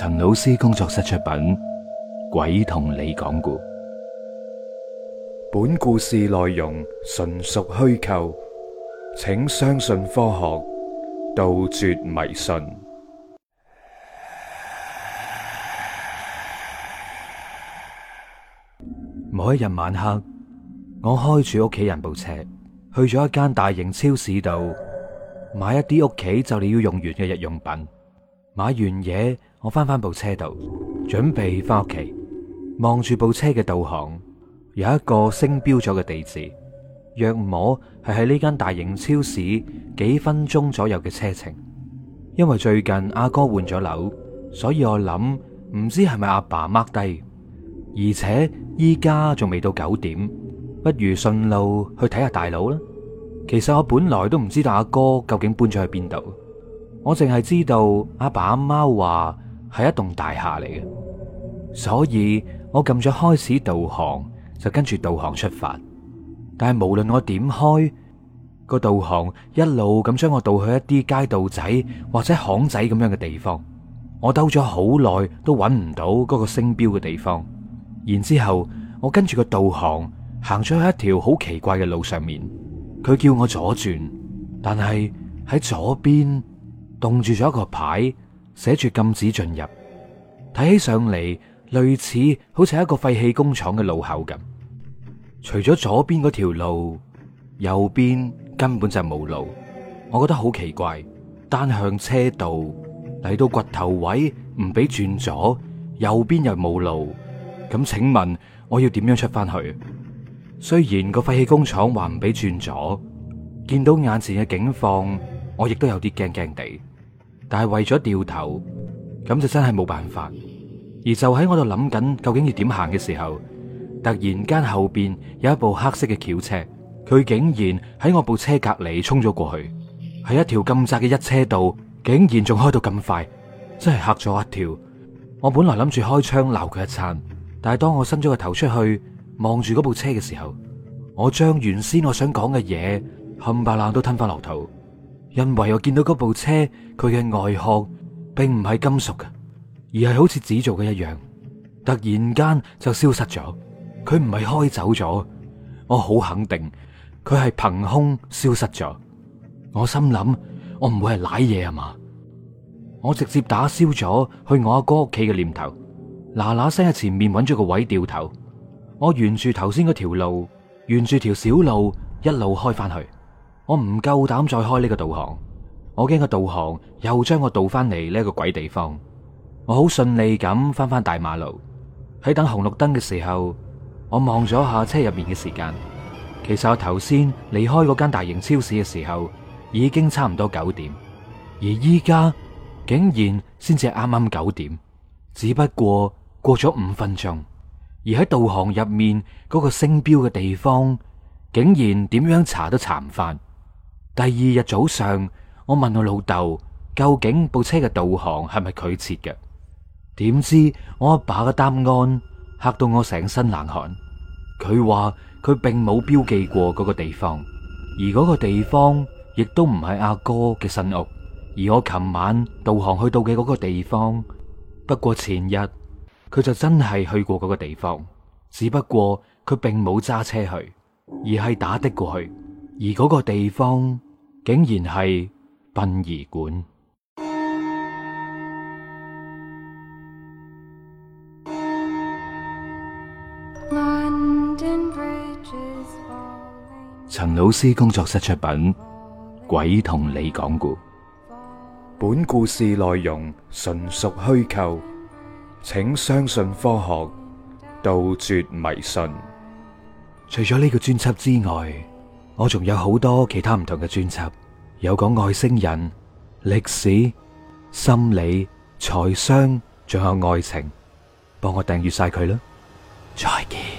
陳老師工作室出品《鬼同你講故》，本故事內容純屬虛構，請相信科學，杜絕迷信。某一日晚黑，我開住屋企人部車，去咗一間大型超市度，買一啲屋企就嚟要用完嘅日用品，買完嘢。我翻返部車度，準備翻屋企，望住部車嘅導航，有一個星標咗嘅地址，約我係喺呢間大型超市幾分鐘左右嘅車程。因為最近阿哥換咗樓，所以我諗唔知係咪阿爸 mark 低，而且依家仲未到九點，不如順路去睇下大佬啦。其實我本來都唔知道阿哥究竟搬咗去邊度，我淨係知道阿爸阿媽話係一棟大廈嚟嘅，所以我撳咗開始導航，就跟住導航出發。但係無論我點開個導航，一路咁將我導去一啲街道仔或者巷仔咁樣嘅地方，我兜咗好耐都揾唔到嗰個星標嘅地方。然之後我跟住個導航行咗去一條好奇怪嘅路上面，佢叫我左轉，但係喺左邊凍住咗一個牌。寫住禁止進入，睇起上嚟類似好似一個廢棄工廠嘅路口咁。除咗左邊嗰條路，右邊根本就冇路。我覺得好奇怪，單向車道嚟到掘頭位唔俾轉左，右邊又冇路。咁請問我要點樣出翻去？雖然個廢棄工廠話唔俾轉左，見到眼前嘅景況，我亦都有啲驚驚地。但係為咗掉頭，咁就真係冇辦法。而就喺我度諗緊究竟要點行嘅時候，突然間後邊有一部黑色嘅轎車，佢竟然喺我部車隔籬衝咗過去。喺一條咁窄嘅一車道，竟然仲開到咁快，真係嚇咗一跳。我本來諗住開窗鬧佢一餐，但係當我伸咗個頭出去望住嗰部車嘅時候，我將原先我想講嘅嘢冚唪唥都吞翻落肚。因為我見到嗰部車，佢嘅外殼並唔係金屬嘅，而係好似紙做嘅一樣。突然間就消失咗，佢唔係開走咗，我好肯定佢係憑空消失咗。我心諗，我唔會係瀨嘢啊嘛？我直接打消咗去我阿哥屋企嘅念頭，嗱嗱聲喺前面揾咗個位掉頭，我沿住頭先嗰條路，沿住條小路一路開翻去。我唔夠膽再開呢個導航，我驚個導航又將我導翻嚟呢一個鬼地方。我好順利咁翻返大馬路，喺等紅綠燈嘅時候，我望咗下車入面嘅時間。其實我頭先離開嗰間大型超市嘅時候，已經差唔多九點，而依家竟然先至啱啱九點，只不過過咗五分鐘，而喺導航入面嗰個星標嘅地方，竟然點樣查都查唔翻。第二日早上，我問我老豆究竟部車嘅導航係咪佢設嘅？點知我阿爸嘅答案嚇到我成身冷汗。佢話佢並冇標記過嗰個地方，而嗰個地方亦都唔係阿哥嘅新屋。而我琴晚導航去到嘅嗰個地方，不過前日佢就真係去過嗰個地方，只不過佢並冇揸車去，而係打的過去。而嗰個地方。竟然係殯儀館。陳 老師工作室出品《鬼同你講故》，本故事內容純屬虛構，請相信科學，杜絕迷信。除咗呢個專輯之外。我仲有好多其他唔同嘅專輯，有講外星人、歷史、心理、財商，仲有愛情，幫我訂閱晒佢啦，再見。